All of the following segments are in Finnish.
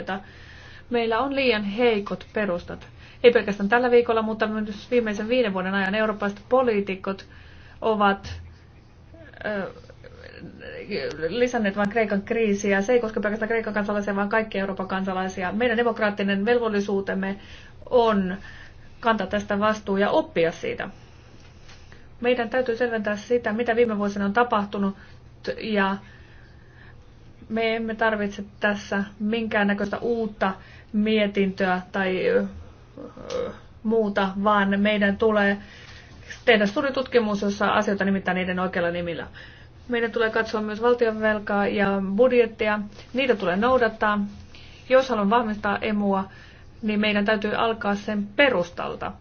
joukkoita. meillä on liian heikot perustat. Ei pelkästään tällä viikolla, mutta myös viimeisen viiden vuoden ajan eurooppalaiset poliitikot ovat lisänneet vain Kreikan kriisiä. Se ei koske pelkästään Kreikan kansalaisia, vaan kaikki Euroopan kansalaisia. Meidän demokraattinen velvollisuutemme on kantaa tästä vastuu ja oppia siitä. Meidän täytyy selventää sitä, mitä viime vuosina on tapahtunut ja me emme tarvitse tässä minkäännäköistä uutta mietintöä tai muuta, vaan meidän tulee tehdä suuri tutkimus, jossa asioita nimittäin niiden oikealla nimillä. Meidän tulee katsoa myös valtionvelkaa ja budjettia. Niitä tulee noudattaa. Jos haluan vahvistaa emua, niin meidän täytyy alkaa sen perustalta.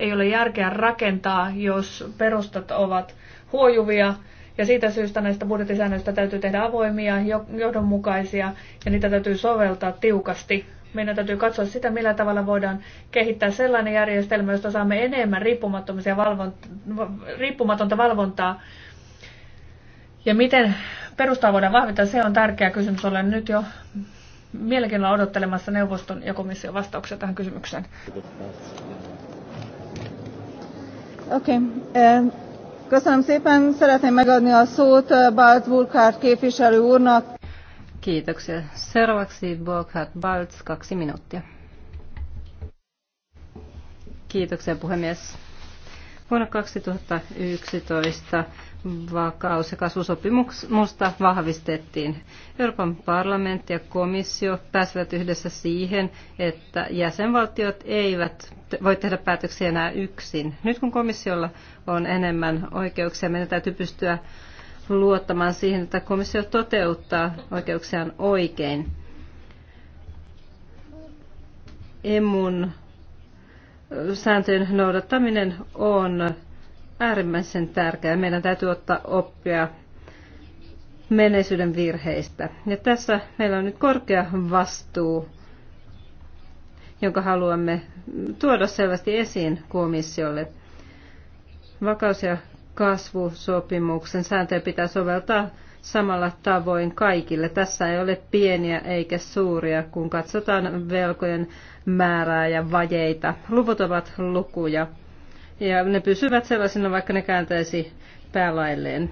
Ei ole järkeä rakentaa, jos perustat ovat huojuvia ja siitä syystä näistä budjettisäännöistä täytyy tehdä avoimia, johdonmukaisia ja niitä täytyy soveltaa tiukasti. Meidän täytyy katsoa sitä, millä tavalla voidaan kehittää sellainen järjestelmä, josta saamme enemmän riippumattomia valvont- riippumatonta valvontaa. Ja miten perustaa voidaan vahvittaa, se on tärkeä kysymys. Olen nyt jo mielenkiinnolla odottelemassa neuvoston ja komission vastauksia tähän kysymykseen. Okay. Um. Köszönöm szépen, szeretném megadni a szót eh, Balt Burkhardt képviselő úrnak. Kiitoksia. Seuraavaksi Burkhardt Balts, kaksi minuuttia. Kiitoksia puhemies. Vuonna 2011 vakaus- ja kasvusopimusta vahvistettiin. Euroopan parlamentti ja komissio pääsivät yhdessä siihen, että jäsenvaltiot eivät voi tehdä päätöksiä enää yksin. Nyt kun komissiolla on enemmän oikeuksia, meidän täytyy pystyä luottamaan siihen, että komissio toteuttaa oikeuksiaan oikein. Emun sääntöjen noudattaminen on äärimmäisen tärkeää. Meidän täytyy ottaa oppia menneisyyden virheistä. Ja tässä meillä on nyt korkea vastuu, jonka haluamme tuoda selvästi esiin komissiolle. Vakaus- ja kasvusopimuksen sääntöjä pitää soveltaa samalla tavoin kaikille. Tässä ei ole pieniä eikä suuria, kun katsotaan velkojen määrää ja vajeita. Luvut ovat lukuja ja ne pysyvät sellaisina, vaikka ne kääntäisi päälailleen.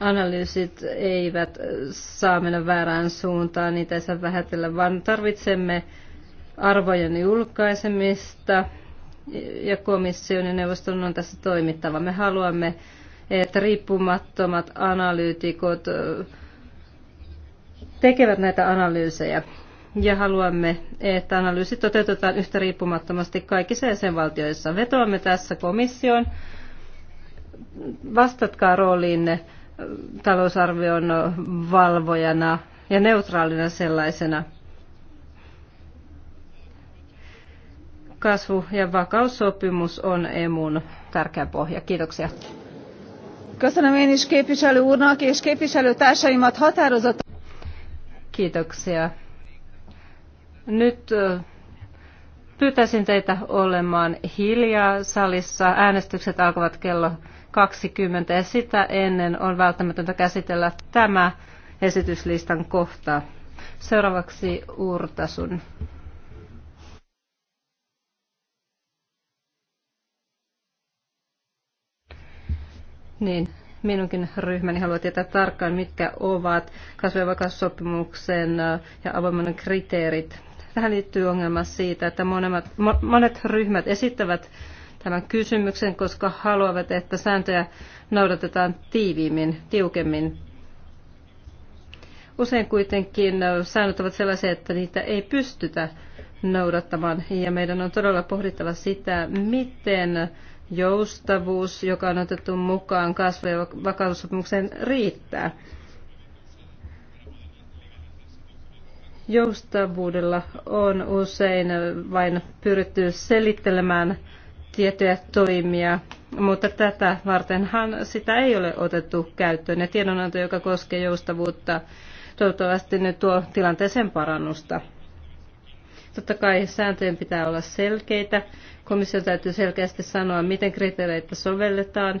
Analyysit eivät saa mennä väärään suuntaan, niitä ei saa vähätellä, vaan tarvitsemme arvojen julkaisemista ja komission ja neuvoston on tässä toimittava. Me haluamme, että riippumattomat analyytikot tekevät näitä analyysejä ja haluamme, että analyysi toteutetaan yhtä riippumattomasti kaikissa jäsenvaltioissa. Vetoamme tässä komissioon. Vastatkaa rooliinne talousarvion valvojana ja neutraalina sellaisena. Kasvu- ja vakaussopimus on EMUn tärkeä pohja. Kiitoksia. Köszönöm én is képviselő úrnak és Kiitoksia. Nyt pyytäisin teitä olemaan hiljaa salissa. Äänestykset alkavat kello 20 ja sitä ennen on välttämätöntä käsitellä tämä esityslistan kohta. Seuraavaksi Urtasun. Niin, minunkin ryhmäni haluaa tietää tarkkaan, mitkä ovat kasvu- ja avoimuuden kriteerit. Tähän liittyy ongelma siitä, että monet ryhmät esittävät tämän kysymyksen, koska haluavat, että sääntöjä noudatetaan tiiviimmin, tiukemmin. Usein kuitenkin säännöt ovat sellaisia, että niitä ei pystytä noudattamaan, ja meidän on todella pohdittava sitä, miten joustavuus, joka on otettu mukaan kasvu- ja vakaussopimuksen riittää. Joustavuudella on usein vain pyritty selittelemään tiettyjä toimia, mutta tätä vartenhan sitä ei ole otettu käyttöön. Ja tiedonanto, joka koskee joustavuutta, toivottavasti nyt tuo tilanteeseen parannusta. Totta kai sääntöjen pitää olla selkeitä. Komissio täytyy selkeästi sanoa, miten kriteereitä sovelletaan.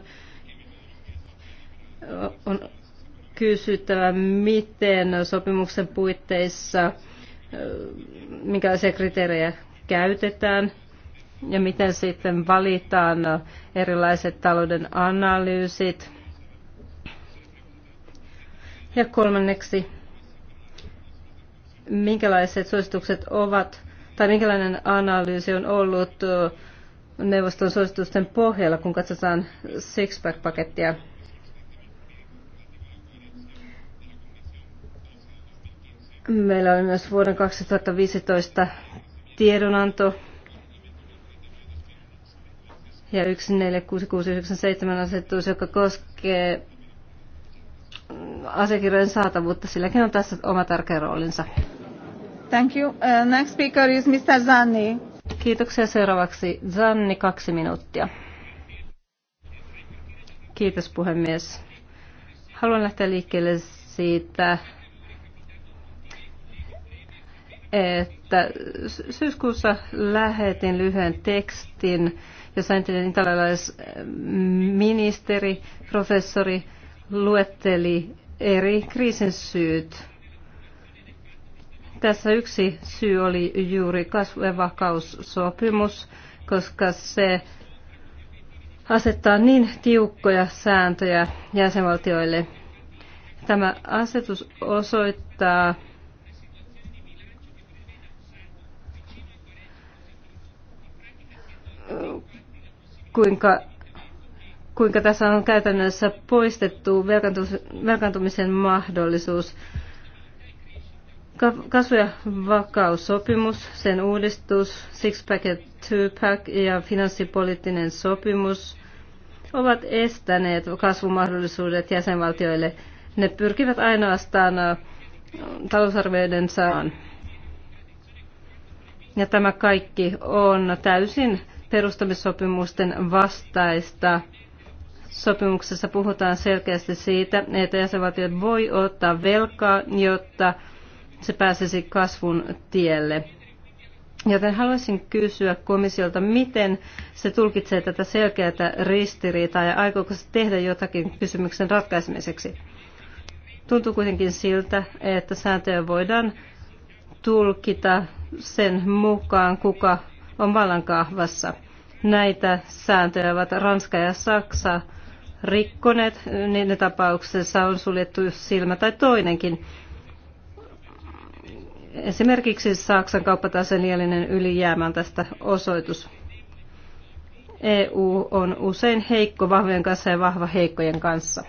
On kysyttävä, miten sopimuksen puitteissa, minkälaisia kriteerejä käytetään ja miten sitten valitaan erilaiset talouden analyysit. Ja kolmanneksi, minkälaiset suositukset ovat tai minkälainen analyysi on ollut neuvoston suositusten pohjalla, kun katsotaan Sixpack-pakettia. Meillä oli myös vuoden 2015 tiedonanto ja 146697 asetus, joka koskee asiakirjojen saatavuutta. Silläkin on tässä oma tärkeä roolinsa. Thank you. Uh, next speaker is Mr. Zanni. Kiitoksia. Seuraavaksi Zanni, kaksi minuuttia. Kiitos puhemies. Haluan lähteä liikkeelle siitä, että syyskuussa lähetin lyhyen tekstin, jossa entinen ministeri, professori luetteli eri kriisin syyt. Tässä yksi syy oli juuri kasvu- ja vakaussopimus, koska se asettaa niin tiukkoja sääntöjä jäsenvaltioille. Tämä asetus osoittaa, kuinka, kuinka tässä on käytännössä poistettu velkaantumisen mahdollisuus. Kasvu- ja vakaussopimus, sen uudistus, six-pack ja two-pack ja finanssipoliittinen sopimus ovat estäneet kasvumahdollisuudet jäsenvaltioille. Ne pyrkivät ainoastaan äh, saan. Ja tämä kaikki on täysin perustamissopimusten vastaista. Sopimuksessa puhutaan selkeästi siitä, että jäsenvaltiot voi ottaa velkaa, jotta se pääsisi kasvun tielle. Joten haluaisin kysyä komissiolta, miten se tulkitsee tätä selkeää ristiriitaa ja aikooko se tehdä jotakin kysymyksen ratkaisemiseksi. Tuntuu kuitenkin siltä, että sääntöjä voidaan tulkita sen mukaan, kuka on vallankahvassa. Näitä sääntöjä ovat Ranska ja Saksa rikkoneet, ne tapauksessa on suljettu silmä tai toinenkin. Esimerkiksi Saksan kauppataseen jäljinen ylijäämä on tästä osoitus. EU on usein heikko vahvojen kanssa ja vahva heikkojen kanssa.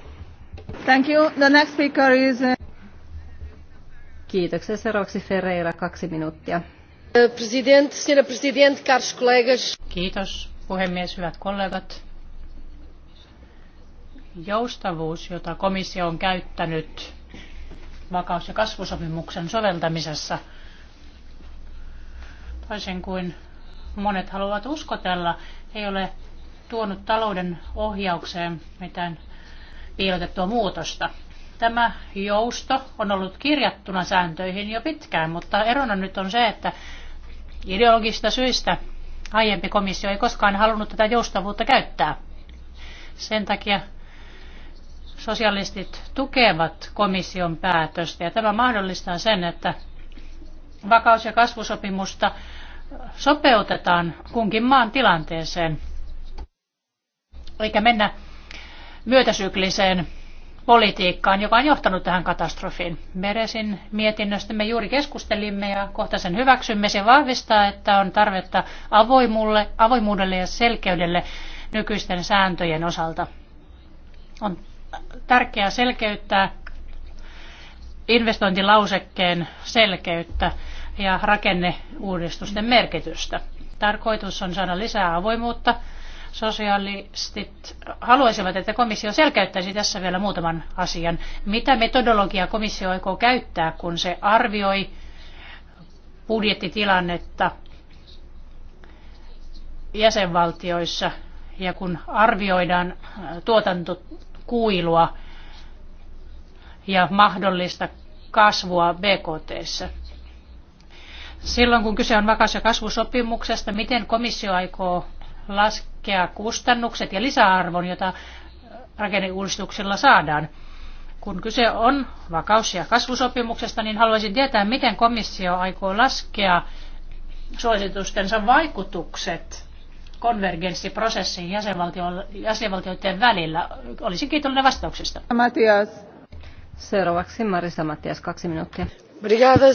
Thank you. The next speaker is... Uh, Kiitoksia. Seuraavaksi Ferreira, kaksi minuuttia arvoisa eh, puhemies Kiitos puhemies, hyvät kollegat. Joustavuus, jota komissio on käyttänyt vakaus- ja kasvusopimuksen soveltamisessa, toisin kuin monet haluavat uskotella, ei ole tuonut talouden ohjaukseen mitään piilotettua muutosta. Tämä jousto on ollut kirjattuna sääntöihin jo pitkään, mutta erona nyt on se, että ideologista syistä aiempi komissio ei koskaan halunnut tätä joustavuutta käyttää. Sen takia sosialistit tukevat komission päätöstä ja tämä mahdollistaa sen, että vakaus- ja kasvusopimusta sopeutetaan kunkin maan tilanteeseen, eikä mennä myötäsykliseen politiikkaan, joka on johtanut tähän katastrofiin. Meresin mietinnöstä me juuri keskustelimme ja kohta sen hyväksymme. Se vahvistaa, että on tarvetta avoimulle, avoimuudelle ja selkeydelle nykyisten sääntöjen osalta. On tärkeää selkeyttää investointilausekkeen selkeyttä ja rakenneuudistusten merkitystä. Tarkoitus on saada lisää avoimuutta Sosialistit haluaisivat, että komissio selkeyttäisi tässä vielä muutaman asian. Mitä metodologiaa komissio aikoo käyttää, kun se arvioi budjettitilannetta jäsenvaltioissa ja kun arvioidaan äh, tuotantokuilua ja mahdollista kasvua BKTssä. Silloin kun kyse on vakaus- ja kasvusopimuksesta, miten komissio aikoo laskea kustannukset ja lisäarvon, jota rakenneuudistuksella saadaan. Kun kyse on vakaus- ja kasvusopimuksesta, niin haluaisin tietää, miten komissio aikoo laskea suositustensa vaikutukset konvergenssiprosessiin jäsenvaltioiden välillä. Olisin kiitollinen vastauksesta. Matias. Seuraavaksi Marisa Matias, kaksi minuuttia. Brigada,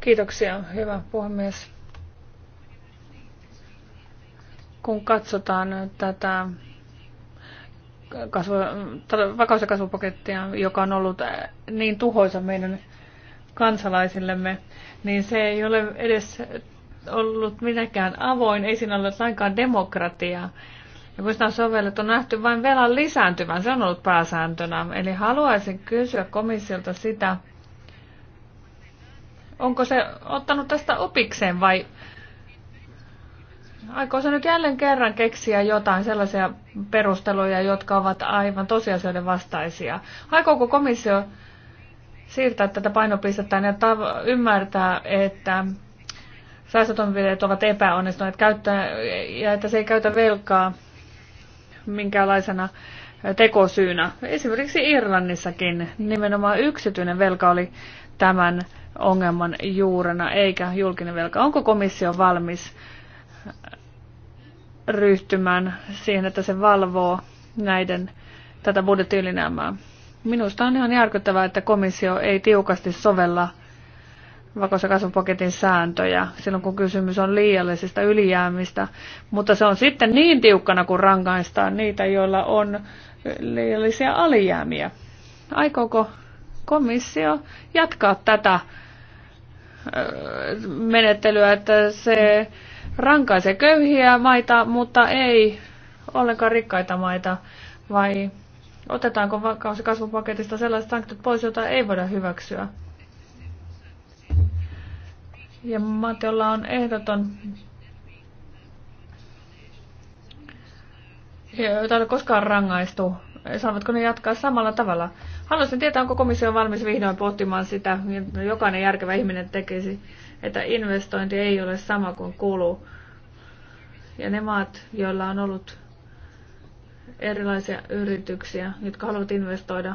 Kiitoksia, hyvä puhemies. kun katsotaan tätä kasvu, vakaus- ja kasvupakettia, joka on ollut niin tuhoisa meidän kansalaisillemme, niin se ei ole edes ollut mitenkään avoin, ei siinä ole lainkaan demokratiaa. Ja on sovellettu, on nähty vain velan lisääntyvän, se on ollut pääsääntönä. Eli haluaisin kysyä komissiolta sitä, onko se ottanut tästä opikseen vai aikooko nyt jälleen kerran keksiä jotain sellaisia perusteluja, jotka ovat aivan tosiasioiden vastaisia? Aikooko komissio siirtää tätä painopistettä ja ymmärtää, että säästötoimenpiteet ovat epäonnistuneet käyttää, ja että se ei käytä velkaa minkäänlaisena tekosyynä. Esimerkiksi Irlannissakin nimenomaan yksityinen velka oli tämän ongelman juurena, eikä julkinen velka. Onko komissio valmis ryhtymään siihen, että se valvoo näiden tätä budjettiylinäämää. Minusta on ihan järkyttävää, että komissio ei tiukasti sovella vakaus- ja kasvupaketin sääntöjä silloin, kun kysymys on liiallisista ylijäämistä. Mutta se on sitten niin tiukkana, kun rangaistaan niitä, joilla on liiallisia alijäämiä. Aikooko komissio jatkaa tätä menettelyä, että se rankaisee köyhiä maita, mutta ei ollenkaan rikkaita maita, vai otetaanko kasvupaketista sellaiset sanktiot pois, joita ei voida hyväksyä? Ja Matiolla on ehdoton joita ei ole koskaan rangaistu, saavatko ne jatkaa samalla tavalla? Haluaisin tietää, onko komissio valmis vihdoin pohtimaan sitä, jokainen järkevä ihminen tekisi että investointi ei ole sama kuin kulu. Ja ne maat, joilla on ollut erilaisia yrityksiä, jotka haluavat investoida,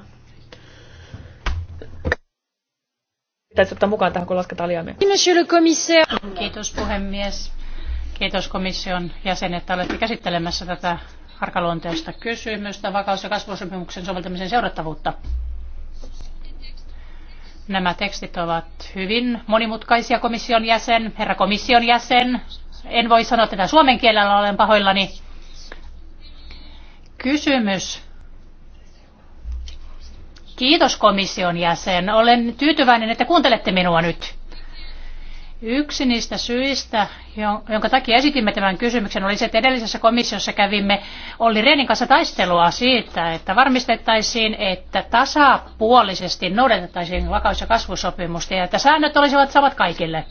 pitäisi ottaa mukaan tähän, kun lasketaan liamia. Monsieur le commissaire. Kiitos puhemies. Kiitos komission jäsenet, että olette käsittelemässä tätä arkaluonteista kysymystä, vakaus- ja kasvusopimuksen soveltamisen seurattavuutta. Nämä tekstit ovat hyvin monimutkaisia komission jäsen, herra komission jäsen. En voi sanoa tätä suomen kielellä, olen pahoillani. Kysymys. Kiitos komission jäsen. Olen tyytyväinen, että kuuntelette minua nyt. Yksi niistä syistä, jonka takia esitimme tämän kysymyksen, oli se, että edellisessä komissiossa kävimme Olli Rehnin kanssa taistelua siitä, että varmistettaisiin, että tasapuolisesti noudatettaisiin vakaus- ja kasvusopimusta ja että säännöt olisivat samat kaikille.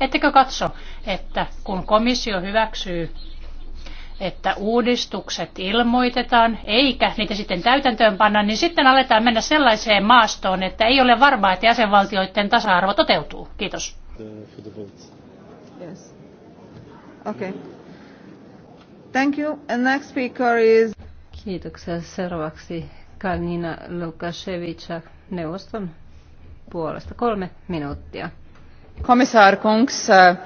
Ettekö katso, että kun komissio hyväksyy että uudistukset ilmoitetaan, eikä niitä sitten täytäntöön panna, niin sitten aletaan mennä sellaiseen maastoon, että ei ole varmaa, että jäsenvaltioiden tasa-arvo toteutuu. Kiitos. Yes. Okay. Thank you. And next speaker is... Kiitoksia. Seuraavaksi Kalnina Lukashevica neuvoston puolesta. Kolme minuuttia. Komissaar Kungs, äh,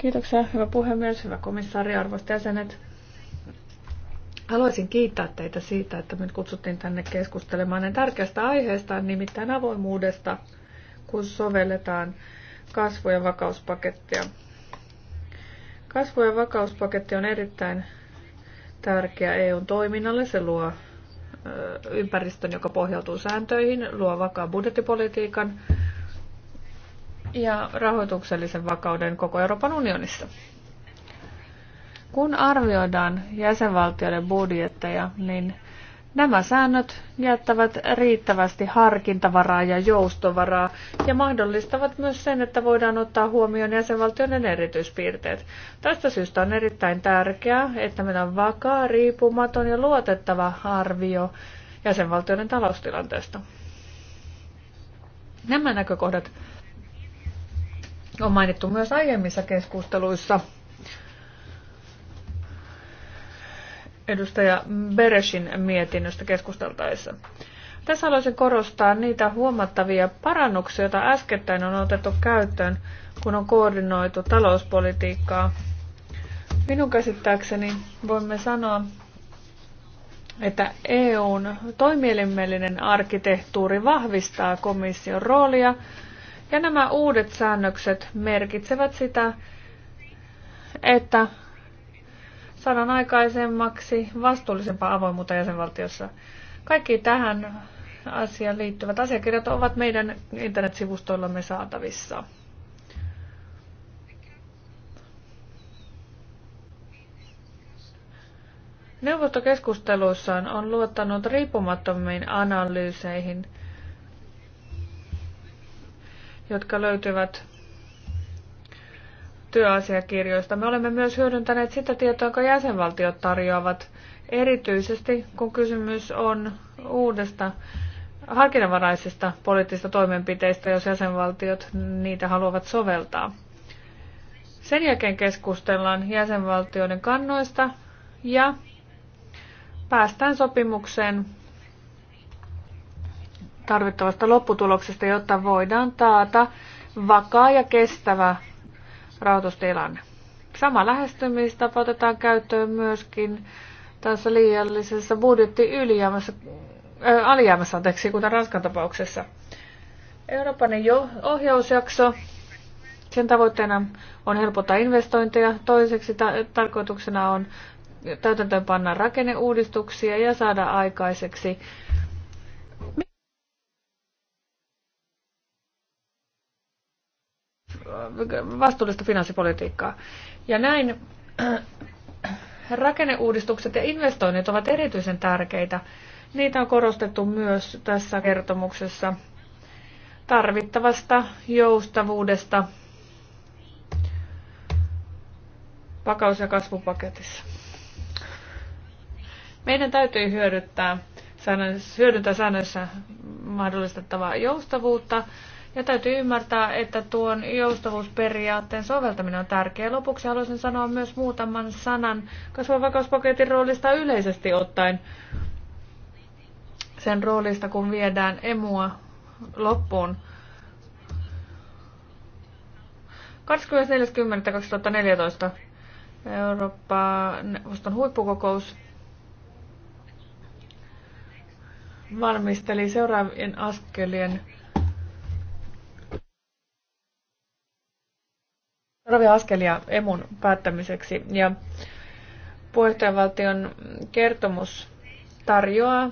Kiitoksia, hyvä puhemies, hyvä komissaari, arvoisat jäsenet. Haluaisin kiittää teitä siitä, että me kutsuttiin tänne keskustelemaan näin tärkeästä aiheesta, nimittäin avoimuudesta, kun sovelletaan kasvu- ja vakauspakettia. Kasvu- ja vakauspaketti on erittäin tärkeä EUn toiminnalle. Se luo ympäristön, joka pohjautuu sääntöihin, luo vakaa budjettipolitiikan, ja rahoituksellisen vakauden koko Euroopan unionissa. Kun arvioidaan jäsenvaltioiden budjetteja, niin nämä säännöt jättävät riittävästi harkintavaraa ja joustovaraa ja mahdollistavat myös sen, että voidaan ottaa huomioon jäsenvaltioiden erityispiirteet. Tästä syystä on erittäin tärkeää, että meillä on vakaa, riippumaton ja luotettava arvio jäsenvaltioiden taloustilanteesta. Nämä näkökohdat on mainittu myös aiemmissa keskusteluissa. Edustaja Bereshin mietinnöstä keskusteltaessa. Tässä haluaisin korostaa niitä huomattavia parannuksia, joita äskettäin on otettu käyttöön, kun on koordinoitu talouspolitiikkaa. Minun käsittääkseni voimme sanoa, että EUn toimielimellinen arkkitehtuuri vahvistaa komission roolia ja nämä uudet säännökset merkitsevät sitä, että saadaan aikaisemmaksi vastuullisempaa avoimuutta jäsenvaltiossa. Kaikki tähän asiaan liittyvät asiakirjat ovat meidän internetsivustoillamme saatavissa. Neuvostokeskusteluissaan on luottanut riippumattomiin analyyseihin – jotka löytyvät työasiakirjoista. Me olemme myös hyödyntäneet sitä tietoa, jonka jäsenvaltiot tarjoavat, erityisesti kun kysymys on uudesta harkinnanvaraisista poliittisista toimenpiteistä, jos jäsenvaltiot niitä haluavat soveltaa. Sen jälkeen keskustellaan jäsenvaltioiden kannoista ja päästään sopimukseen tarvittavasta lopputuloksesta, jotta voidaan taata vakaa ja kestävä rahoitustilanne. Sama lähestymistapa otetaan käyttöön myöskin tässä liiallisessa budjettiylijäämässä, äh, alijäämässä, anteeksi, kuten Ranskan tapauksessa. Euroopan ohjausjakso, sen tavoitteena on helpottaa investointeja. Toiseksi ta- tarkoituksena on täytäntöönpanna rakenneuudistuksia ja saada aikaiseksi äh, vastuullista finanssipolitiikkaa. Ja näin rakenneuudistukset ja investoinnit ovat erityisen tärkeitä. Niitä on korostettu myös tässä kertomuksessa tarvittavasta joustavuudesta vakaus- ja kasvupaketissa. Meidän täytyy hyödyttää, hyödyntää säännössä mahdollistettavaa joustavuutta ja täytyy ymmärtää, että tuon joustavuusperiaatteen soveltaminen on tärkeää. Lopuksi haluaisin sanoa myös muutaman sanan kasvavakauspaketin roolista yleisesti ottaen. Sen roolista, kun viedään emua loppuun. 24.10.2014 Eurooppa-neuvoston huippukokous valmisteli seuraavien askelien seuraavia askelia emun päättämiseksi. Ja puheenjohtajavaltion kertomus tarjoaa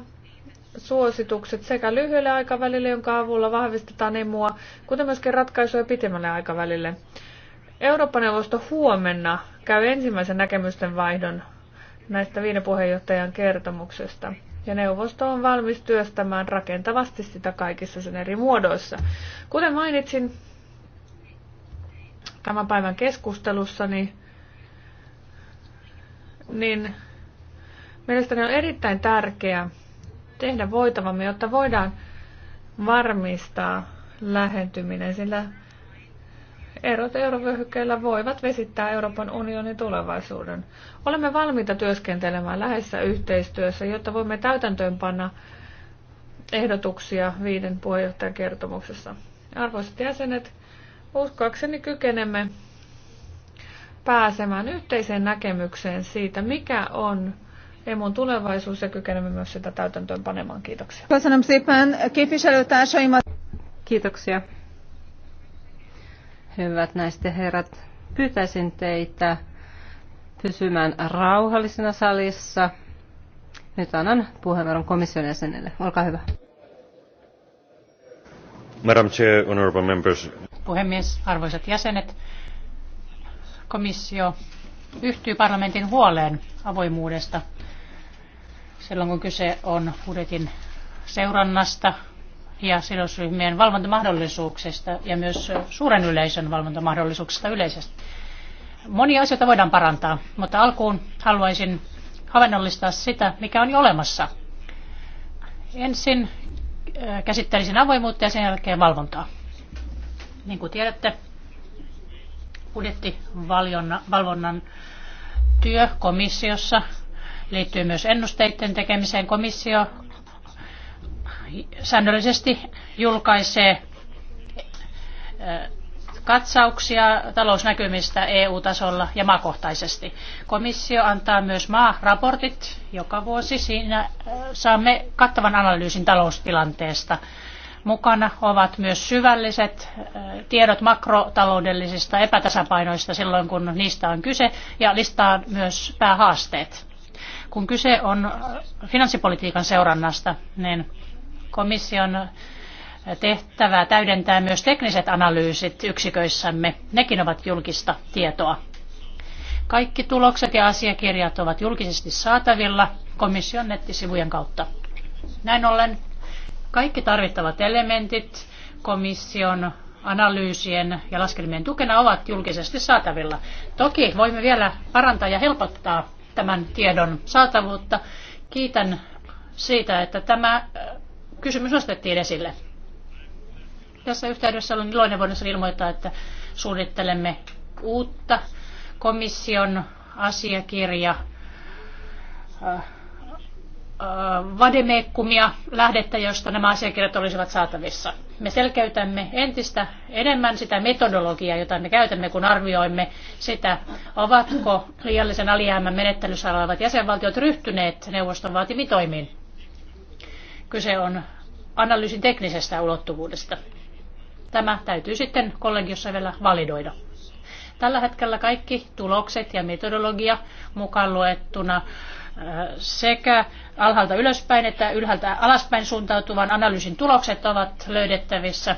suositukset sekä lyhyelle aikavälille, jonka avulla vahvistetaan emua, kuten myöskin ratkaisuja pitemmälle aikavälille. Eurooppa-neuvosto huomenna käy ensimmäisen näkemysten vaihdon näistä viiden puheenjohtajan kertomuksesta. Ja neuvosto on valmis työstämään rakentavasti sitä kaikissa sen eri muodoissa. Kuten mainitsin, tämän päivän keskustelussa, niin, niin mielestäni on erittäin tärkeää tehdä voitavamme, jotta voidaan varmistaa lähentyminen, sillä erot eurovyöhykkeellä voivat vesittää Euroopan unionin tulevaisuuden. Olemme valmiita työskentelemään lähessä yhteistyössä, jotta voimme täytäntöönpanna ehdotuksia viiden puheenjohtajan kertomuksessa. Arvoisat jäsenet, Uskoakseni kykenemme pääsemään yhteiseen näkemykseen siitä, mikä on emun tulevaisuus ja kykenemme myös sitä täytäntöön panemaan. Kiitoksia. Kiitoksia. Hyvät naiset ja herrat, pyytäisin teitä pysymään rauhallisena salissa. Nyt annan puheenvuoron komission jäsenelle. Olkaa hyvä. Madam Chair, honorable members puhemies, arvoisat jäsenet. Komissio yhtyy parlamentin huoleen avoimuudesta silloin, kun kyse on budjetin seurannasta ja sidosryhmien valvontamahdollisuuksista ja myös suuren yleisön valvontamahdollisuuksista yleisesti. Monia asioita voidaan parantaa, mutta alkuun haluaisin havainnollistaa sitä, mikä on jo olemassa. Ensin äh, käsittelisin avoimuutta ja sen jälkeen valvontaa. Niin kuin tiedätte, budjettivalvonnan työ komissiossa liittyy myös ennusteiden tekemiseen. Komissio säännöllisesti julkaisee katsauksia talousnäkymistä EU-tasolla ja maakohtaisesti. Komissio antaa myös maaraportit joka vuosi. Siinä saamme kattavan analyysin taloustilanteesta mukana ovat myös syvälliset tiedot makrotaloudellisista epätasapainoista silloin, kun niistä on kyse, ja listaan myös päähaasteet. Kun kyse on finanssipolitiikan seurannasta, niin komission tehtävää täydentää myös tekniset analyysit yksiköissämme. Nekin ovat julkista tietoa. Kaikki tulokset ja asiakirjat ovat julkisesti saatavilla komission nettisivujen kautta. Näin ollen kaikki tarvittavat elementit komission analyysien ja laskelmien tukena ovat julkisesti saatavilla. Toki voimme vielä parantaa ja helpottaa tämän tiedon saatavuutta. Kiitän siitä, että tämä äh, kysymys nostettiin esille. Tässä yhteydessä olen iloinen voidessani ilmoittaa, että suunnittelemme uutta komission asiakirja äh, Äh, vademekkumia lähdettä, josta nämä asiakirjat olisivat saatavissa. Me selkeytämme entistä enemmän sitä metodologiaa, jota me käytämme, kun arvioimme sitä, ovatko liiallisen alijäämän menettelyssä olevat jäsenvaltiot ryhtyneet neuvoston vaatimiin toimiin. Kyse on analyysin teknisestä ulottuvuudesta. Tämä täytyy sitten kollegiossa vielä validoida. Tällä hetkellä kaikki tulokset ja metodologia mukaan luettuna sekä alhaalta ylöspäin että ylhäältä alaspäin suuntautuvan analyysin tulokset ovat löydettävissä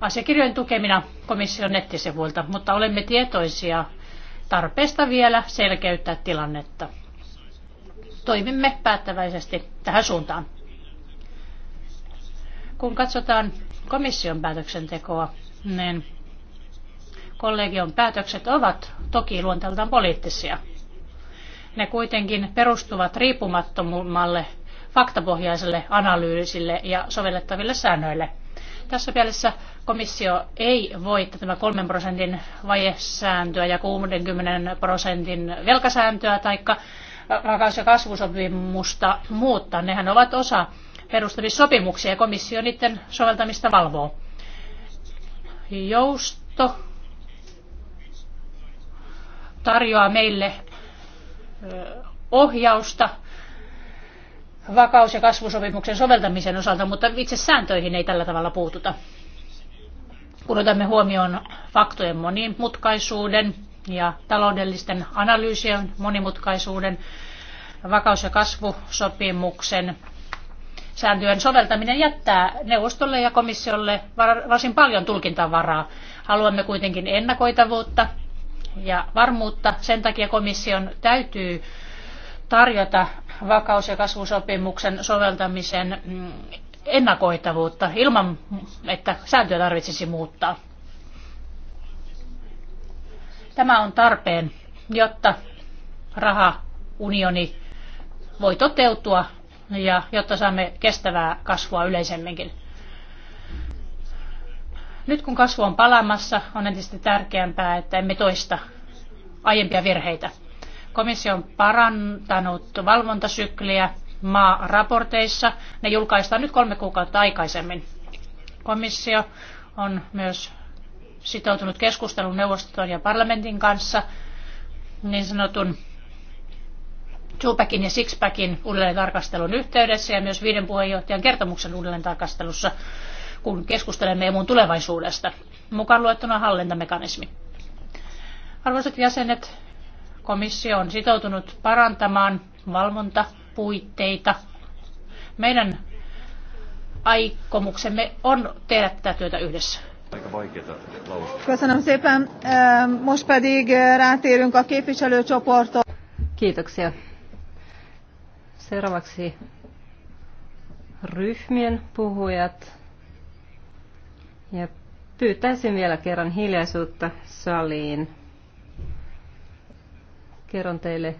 asiakirjojen tukemina komission nettisivuilta, mutta olemme tietoisia tarpeesta vielä selkeyttää tilannetta. Toimimme päättäväisesti tähän suuntaan. Kun katsotaan komission päätöksentekoa, niin kollegion päätökset ovat toki luonteeltaan poliittisia – ne kuitenkin perustuvat riippumattomalle faktapohjaiselle analyysille ja sovellettaville säännöille. Tässä mielessä komissio ei voi tätä 3 prosentin vajesääntöä ja 60 prosentin velkasääntöä tai vakaus- ja kasvusopimusta muuttaa. Nehän ovat osa perustamissopimuksia ja komissio niiden soveltamista valvoo. Jousto tarjoaa meille ohjausta vakaus- ja kasvusopimuksen soveltamisen osalta, mutta itse sääntöihin ei tällä tavalla puututa. Kun otamme huomioon faktojen monimutkaisuuden ja taloudellisten analyysien monimutkaisuuden, vakaus- ja kasvusopimuksen sääntöjen soveltaminen jättää neuvostolle ja komissiolle varsin paljon tulkintavaraa. Haluamme kuitenkin ennakoitavuutta ja varmuutta. Sen takia komission täytyy tarjota vakaus- ja kasvusopimuksen soveltamisen mm, ennakoitavuutta ilman, että sääntöjä tarvitsisi muuttaa. Tämä on tarpeen, jotta rahaunioni voi toteutua ja jotta saamme kestävää kasvua yleisemminkin. Nyt kun kasvu on palaamassa, on entistä tärkeämpää, että emme toista aiempia virheitä. Komissio on parantanut valvontasykliä maaraporteissa. Ne julkaistaan nyt kolme kuukautta aikaisemmin. Komissio on myös sitoutunut keskustelun neuvoston ja parlamentin kanssa niin sanotun Tupakin ja Sixpackin uudelleen tarkastelun yhteydessä ja myös viiden puheenjohtajan kertomuksen uudelleen tarkastelussa kun keskustelemme EUn tulevaisuudesta, mukaan luettuna hallintamekanismi. Arvoisat jäsenet, komissio on sitoutunut parantamaan valvontapuitteita. Meidän aikomuksemme on tehdä tätä työtä yhdessä. Köszönöm szépen. Most pedig rátérünk a képviselőcsoporton. Kiitoksia. Seuraavaksi ryhmien puhujat. Ja pyytäisin vielä kerran hiljaisuutta saliin. Kerron teille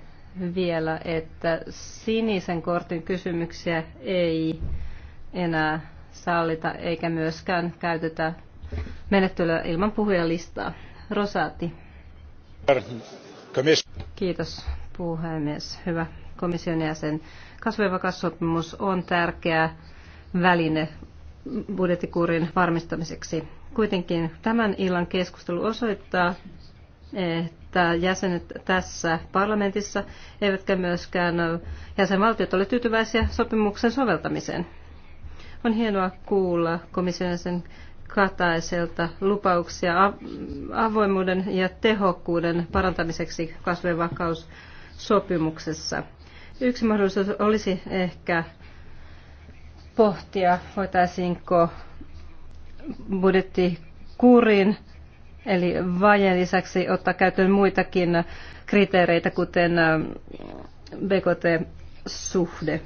vielä, että sinisen kortin kysymyksiä ei enää sallita eikä myöskään käytetä menettelyä ilman puhujalistaa. Rosaati. Kiitos puhemies. Hyvä komission jäsen. Kasvu- on tärkeä väline budjettikurin varmistamiseksi. Kuitenkin tämän illan keskustelu osoittaa, että jäsenet tässä parlamentissa eivätkä myöskään jäsenvaltiot ole tyytyväisiä sopimuksen soveltamiseen. On hienoa kuulla komission sen Kataiselta lupauksia avoimuuden ja tehokkuuden parantamiseksi kasvu- ja vakaussopimuksessa. Yksi mahdollisuus olisi ehkä pohtia, voitaisiinko budjetti kurin, eli vajeen lisäksi ottaa käyttöön muitakin kriteereitä, kuten BKT-suhde.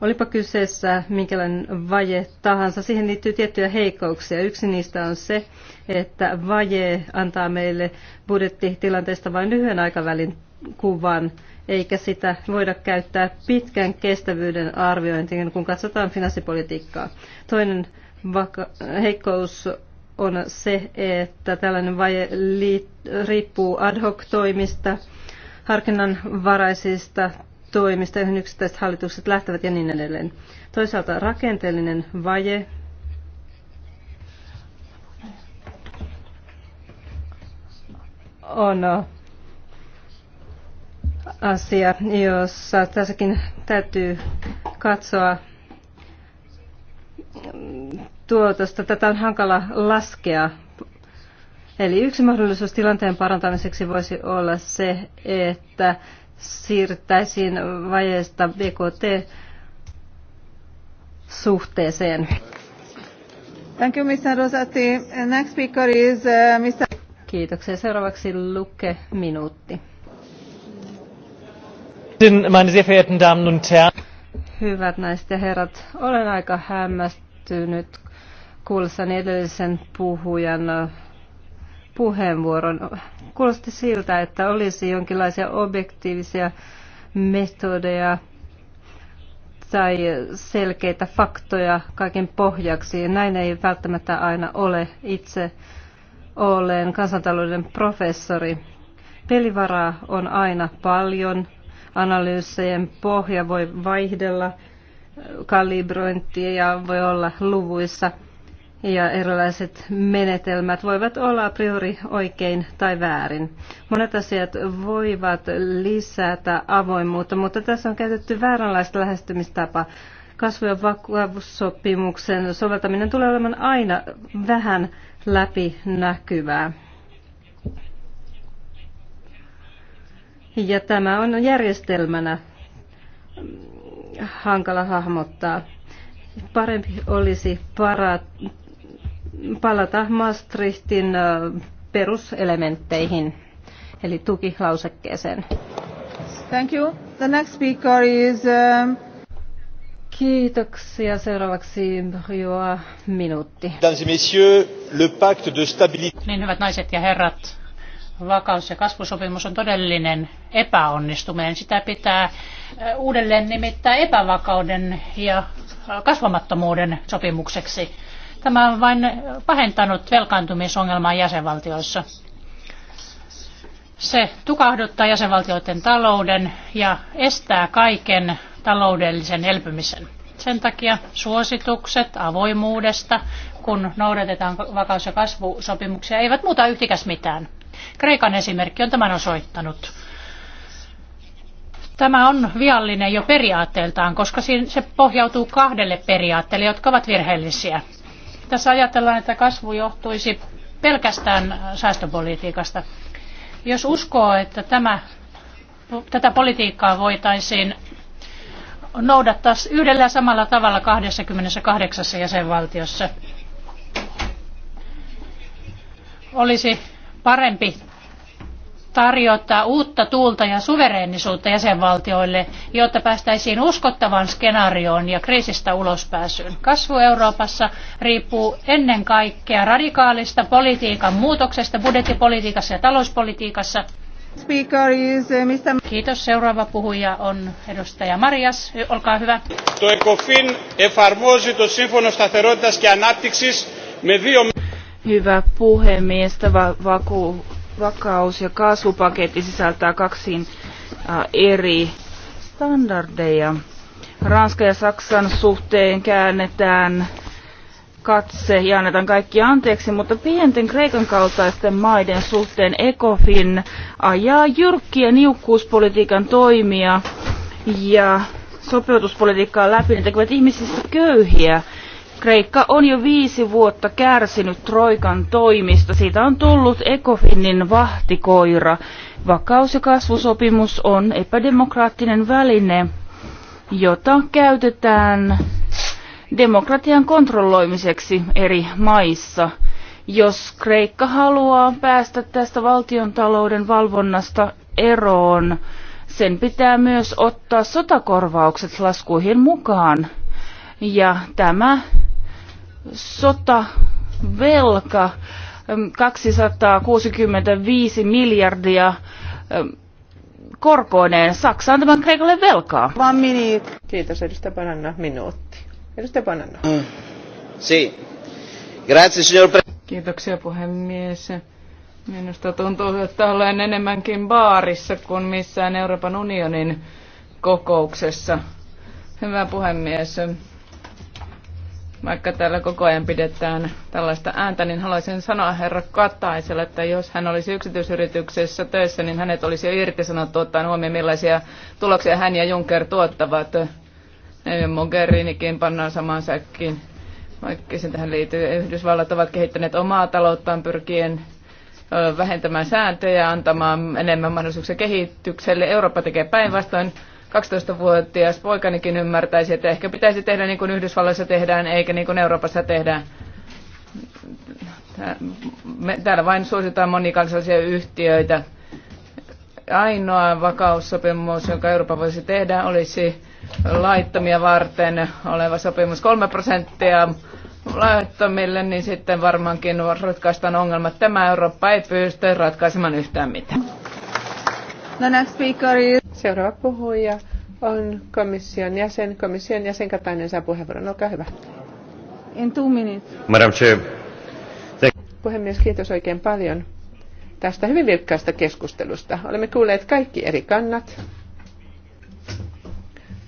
Olipa kyseessä minkälainen vaje tahansa, siihen liittyy tiettyjä heikkouksia. Yksi niistä on se, että vaje antaa meille budjettitilanteesta vain lyhyen aikavälin kuvan eikä sitä voida käyttää pitkän kestävyyden arviointiin, kun katsotaan finanssipolitiikkaa. Toinen heikkous on se, että tällainen vaje riippuu ad hoc toimista, harkinnanvaraisista toimista, joihin yksittäiset hallitukset lähtevät ja niin edelleen. Toisaalta rakenteellinen vaje on asia, jossa tässäkin täytyy katsoa tuotosta. Tätä on hankala laskea. Eli yksi mahdollisuus tilanteen parantamiseksi voisi olla se, että siirtäisiin vajeesta BKT suhteeseen. Thank you, Mr. Rosati. Next speaker is uh, Mr. Kiitoksia. Seuraavaksi Luke Minuutti. Hyvät naiset ja herrat, olen aika hämmästynyt kuullessani edellisen puhujan äh, puheenvuoron. Kuulosti siltä, että olisi jonkinlaisia objektiivisia metodeja tai selkeitä faktoja kaiken pohjaksi. näin ei välttämättä aina ole. Itse olen kansantalouden professori. Pelivaraa on aina paljon analyysien pohja voi vaihdella kalibrointia ja voi olla luvuissa ja erilaiset menetelmät voivat olla a priori oikein tai väärin. Monet asiat voivat lisätä avoimuutta, mutta tässä on käytetty vääränlaista lähestymistapaa. Kasvu- ja vakuussopimuksen soveltaminen tulee olemaan aina vähän läpinäkyvää. ja tämä on järjestelmänä hankala hahmottaa. Parempi olisi para, palata Maastrichtin peruselementteihin, eli tukilausekkeeseen. Thank you. The next speaker is... Um... Kiitoksia. Seuraavaksi Rioa minuutti. Mesdames et messieurs, le pacte de stabilité... Niin, hyvät naiset ja herrat, vakaus- ja kasvusopimus on todellinen epäonnistuminen. Sitä pitää uudelleen nimittää epävakauden ja kasvamattomuuden sopimukseksi. Tämä on vain pahentanut velkaantumisongelmaa jäsenvaltioissa. Se tukahduttaa jäsenvaltioiden talouden ja estää kaiken taloudellisen elpymisen. Sen takia suositukset avoimuudesta, kun noudatetaan vakaus- ja kasvusopimuksia, eivät muuta yhtikäs mitään. Kreikan esimerkki on tämän osoittanut. Tämä on viallinen jo periaatteeltaan, koska se pohjautuu kahdelle periaatteelle, jotka ovat virheellisiä. Tässä ajatellaan, että kasvu johtuisi pelkästään säästöpolitiikasta. Jos uskoo, että tämä, tätä politiikkaa voitaisiin noudattaa yhdellä ja samalla tavalla 28 jäsenvaltiossa, olisi parempi tarjota uutta tuulta ja suvereenisuutta jäsenvaltioille, jotta päästäisiin uskottavaan skenaarioon ja kriisistä ulospääsyyn. Kasvu Euroopassa riippuu ennen kaikkea radikaalista politiikan muutoksesta budjettipolitiikassa ja talouspolitiikassa. Eh, Kiitos. Seuraava puhuja on edustaja Marias. Olkaa hyvä. Το ΕΚΟΦΗΝ εφαρμόζει το Σύμφωνο Σταθερότητας Hyvä puhemies. Tämä vaku, vakaus- ja kasvupaketti sisältää äh, eri standardeja. Ranska ja Saksan suhteen käännetään katse ja annetaan kaikki anteeksi, mutta pienten Kreikan kaltaisten maiden suhteen ECOFIN ajaa jyrkkiä niukkuuspolitiikan toimia ja sopeutuspolitiikkaa läpi, ne tekevät ihmisistä köyhiä. Kreikka on jo viisi vuotta kärsinyt Troikan toimista. Siitä on tullut Ekofinin vahtikoira. Vakaus- ja kasvusopimus on epädemokraattinen väline, jota käytetään demokratian kontrolloimiseksi eri maissa. Jos Kreikka haluaa päästä tästä valtion talouden valvonnasta eroon, sen pitää myös ottaa sotakorvaukset laskuihin mukaan. Ja tämä sota velka 265 miljardia korkoineen. Saksa on tämän Kreikalle velkaa. Vaan mini. Kiitos, edustaja Bananna. Minuutti. Edustaja Bananna. Mm. Si. Grazie, signor pre- Kiitoksia, puhemies. Minusta tuntuu, että olen enemmänkin baarissa kuin missään Euroopan unionin kokouksessa. Hyvä puhemies. Vaikka täällä koko ajan pidetään tällaista ääntä, niin haluaisin sanoa herra Kataiselle, että jos hän olisi yksityisyrityksessä töissä, niin hänet olisi jo irtisanottu ottaen huomioon, millaisia tuloksia hän ja Juncker tuottavat. Mogherinikin pannaan samaan säkkiin, vaikka sen tähän liittyy. Yhdysvallat ovat kehittäneet omaa talouttaan pyrkien vähentämään sääntöjä, antamaan enemmän mahdollisuuksia kehitykselle. Eurooppa tekee päinvastoin 12-vuotias poikanikin ymmärtäisi, että ehkä pitäisi tehdä niin kuin Yhdysvalloissa tehdään, eikä niin kuin Euroopassa tehdään. Me täällä vain suositaan monikansallisia yhtiöitä. Ainoa vakaussopimus, jonka Eurooppa voisi tehdä, olisi laittomia varten oleva sopimus 3 prosenttia laittomille, niin sitten varmaankin ratkaistaan ongelmat. Tämä Eurooppa ei pysty ratkaisemaan yhtään mitään. The next speaker is... Seuraava puhuja on komission jäsen. Komission jäsen Katainen saa puheenvuoron. Olkaa hyvä. In two minutes. Madam Chair. Thank... Puhemies, kiitos oikein paljon tästä hyvin vilkkaasta keskustelusta. Olemme kuulleet kaikki eri kannat.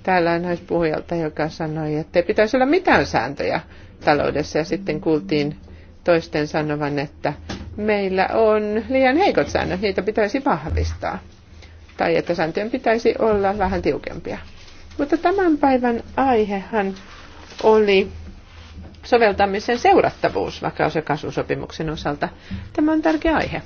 Täällä on naispuhujalta, joka sanoi, että ei pitäisi olla mitään sääntöjä taloudessa. Ja sitten kuultiin toisten sanovan, että meillä on liian heikot säännöt, niitä pitäisi vahvistaa tai että sääntöjen pitäisi olla vähän tiukempia. Mutta tämän päivän aihehan oli soveltamisen seurattavuus vakaus- ja kasvusopimuksen osalta. Tämä on tärkeä aihe.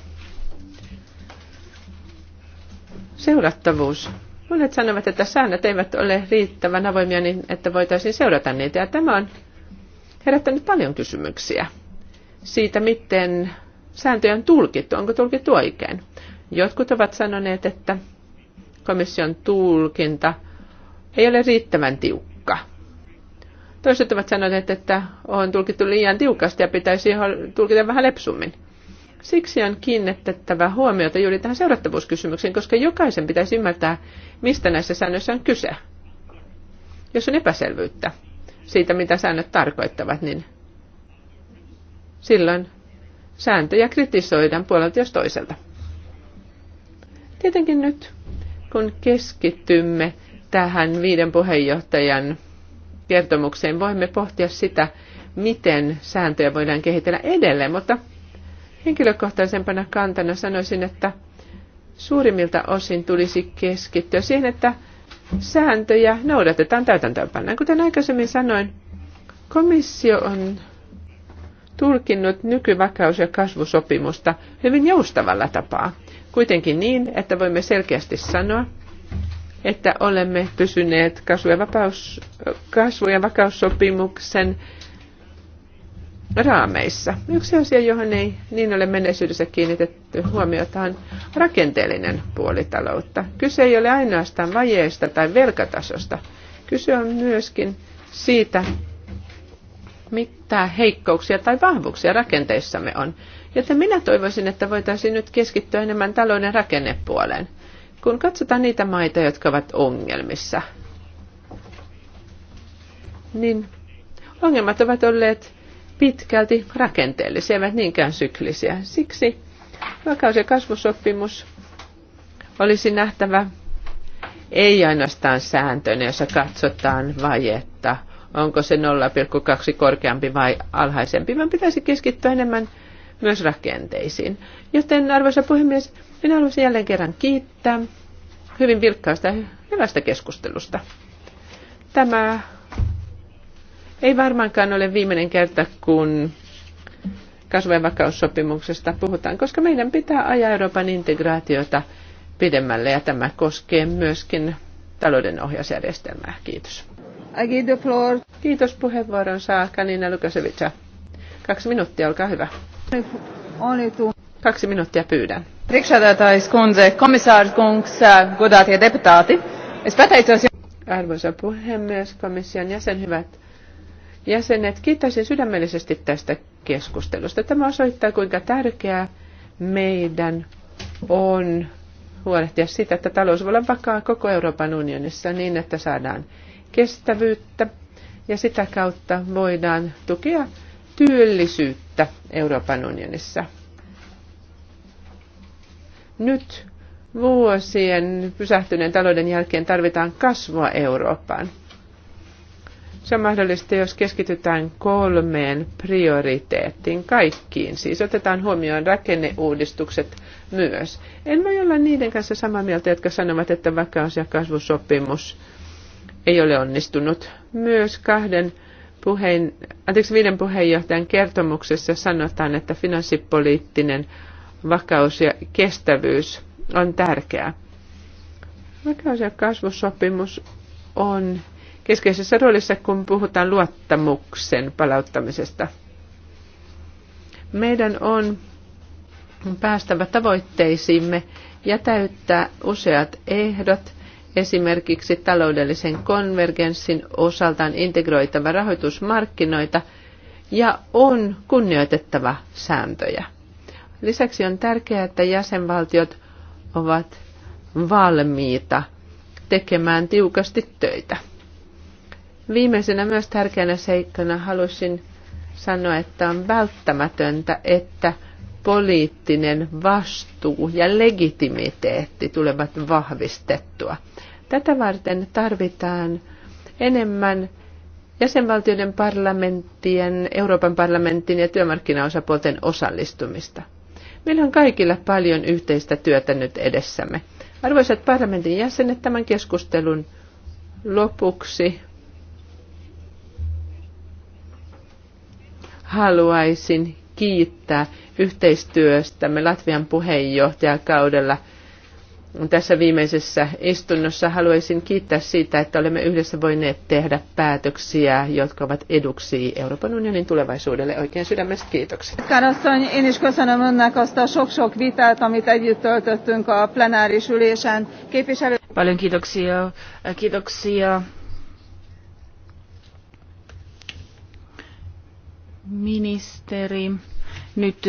Seurattavuus. Monet sanovat, että säännöt eivät ole riittävän avoimia niin, että voitaisiin seurata niitä. Ja tämä on herättänyt paljon kysymyksiä siitä, miten sääntöjä on tulkittu, onko tulkittu oikein. Jotkut ovat sanoneet, että komission tulkinta ei ole riittävän tiukka. Toiset ovat sanoneet, että on tulkittu liian tiukasti ja pitäisi tulkita vähän lepsummin. Siksi on kiinnitettävä huomiota juuri tähän seurattavuuskysymykseen, koska jokaisen pitäisi ymmärtää, mistä näissä säännöissä on kyse. Jos on epäselvyyttä siitä, mitä säännöt tarkoittavat, niin silloin sääntöjä kritisoidaan puolelta jos toiselta. Tietenkin nyt kun keskittymme tähän viiden puheenjohtajan kertomukseen, voimme pohtia sitä, miten sääntöjä voidaan kehitellä edelleen, mutta henkilökohtaisempana kantana sanoisin, että suurimmilta osin tulisi keskittyä siihen, että sääntöjä noudatetaan täytäntöönpannaan. Kuten aikaisemmin sanoin, komissio on tulkinnut nykyvakaus- ja kasvusopimusta hyvin joustavalla tapaa. Kuitenkin niin, että voimme selkeästi sanoa, että olemme pysyneet kasvu- ja, vapaus, kasvu- ja vakaussopimuksen raameissa. Yksi asia, johon ei niin ole menneisyydessä kiinnitetty huomiota, on rakenteellinen puolitaloutta. Kyse ei ole ainoastaan vajeesta tai velkatasosta. Kyse on myöskin siitä, mitä heikkouksia tai vahvuuksia rakenteissamme on. Joten minä toivoisin, että voitaisiin nyt keskittyä enemmän talouden rakennepuoleen. Kun katsotaan niitä maita, jotka ovat ongelmissa, niin ongelmat ovat olleet pitkälti rakenteellisia, eivät niinkään syklisiä. Siksi vakaus- ja kasvusopimus olisi nähtävä ei ainoastaan sääntönä, jossa katsotaan vajetta, onko se 0,2 korkeampi vai alhaisempi, vaan pitäisi keskittyä enemmän myös rakenteisiin. Joten arvoisa puhemies, minä haluaisin jälleen kerran kiittää hyvin vilkkaasta ja hyvästä keskustelusta. Tämä ei varmaankaan ole viimeinen kerta, kun kasvojen vakaussopimuksesta puhutaan, koska meidän pitää ajaa Euroopan integraatiota pidemmälle ja tämä koskee myöskin talouden ohjausjärjestelmää. Kiitos. Kiitos puheenvuoron saa Kanina Lukasevica. Kaksi minuuttia, olkaa hyvä. Kaksi minuuttia pyydän. Riksadatais kunze, komisārs kunks, godat ja deputaati. Arvoisa puhemies, komission jäsen, hyvät jäsenet, kiittäisin sydämellisesti tästä keskustelusta. Tämä osoittaa, kuinka tärkeää meidän on huolehtia sitä, että talous voi olla vakaa koko Euroopan unionissa niin, että saadaan kestävyyttä ja sitä kautta voidaan tukea työllisyyttä Euroopan unionissa. Nyt vuosien pysähtyneen talouden jälkeen tarvitaan kasvua Eurooppaan. Se on mahdollista, jos keskitytään kolmeen prioriteettiin, kaikkiin. Siis otetaan huomioon rakenneuudistukset myös. En voi olla niiden kanssa samaa mieltä, jotka sanovat, että vakaus- ja kasvusopimus ei ole onnistunut. Myös kahden puheen, anteeksi, viiden puheenjohtajan kertomuksessa sanotaan, että finanssipoliittinen vakaus ja kestävyys on tärkeää. Vakaus- ja kasvusopimus on keskeisessä roolissa, kun puhutaan luottamuksen palauttamisesta. Meidän on päästävä tavoitteisiimme ja täyttää useat ehdot, Esimerkiksi taloudellisen konvergenssin osaltaan integroitava rahoitusmarkkinoita ja on kunnioitettava sääntöjä. Lisäksi on tärkeää, että jäsenvaltiot ovat valmiita tekemään tiukasti töitä. Viimeisenä myös tärkeänä seikkana halusin sanoa, että on välttämätöntä, että poliittinen vastuu ja legitimiteetti tulevat vahvistettua. Tätä varten tarvitaan enemmän jäsenvaltioiden parlamenttien, Euroopan parlamentin ja työmarkkinaosapuolten osallistumista. Meillä on kaikilla paljon yhteistä työtä nyt edessämme. Arvoisat parlamentin jäsenet, tämän keskustelun lopuksi haluaisin kiittää yhteistyöstämme Latvian puheenjohtajakaudella. Tässä viimeisessä istunnossa haluaisin kiittää siitä, että olemme yhdessä voineet tehdä päätöksiä, jotka ovat eduksi Euroopan unionin tulevaisuudelle. Oikein sydämestä kiitoksia. Karasszony, én is köszönöm önnek azt a sok-sok vitát, amit együtt töltöttünk a plenáris ülésen. Képviselő... Paljon kiitoksia. Kiitoksia ministeri. Nyt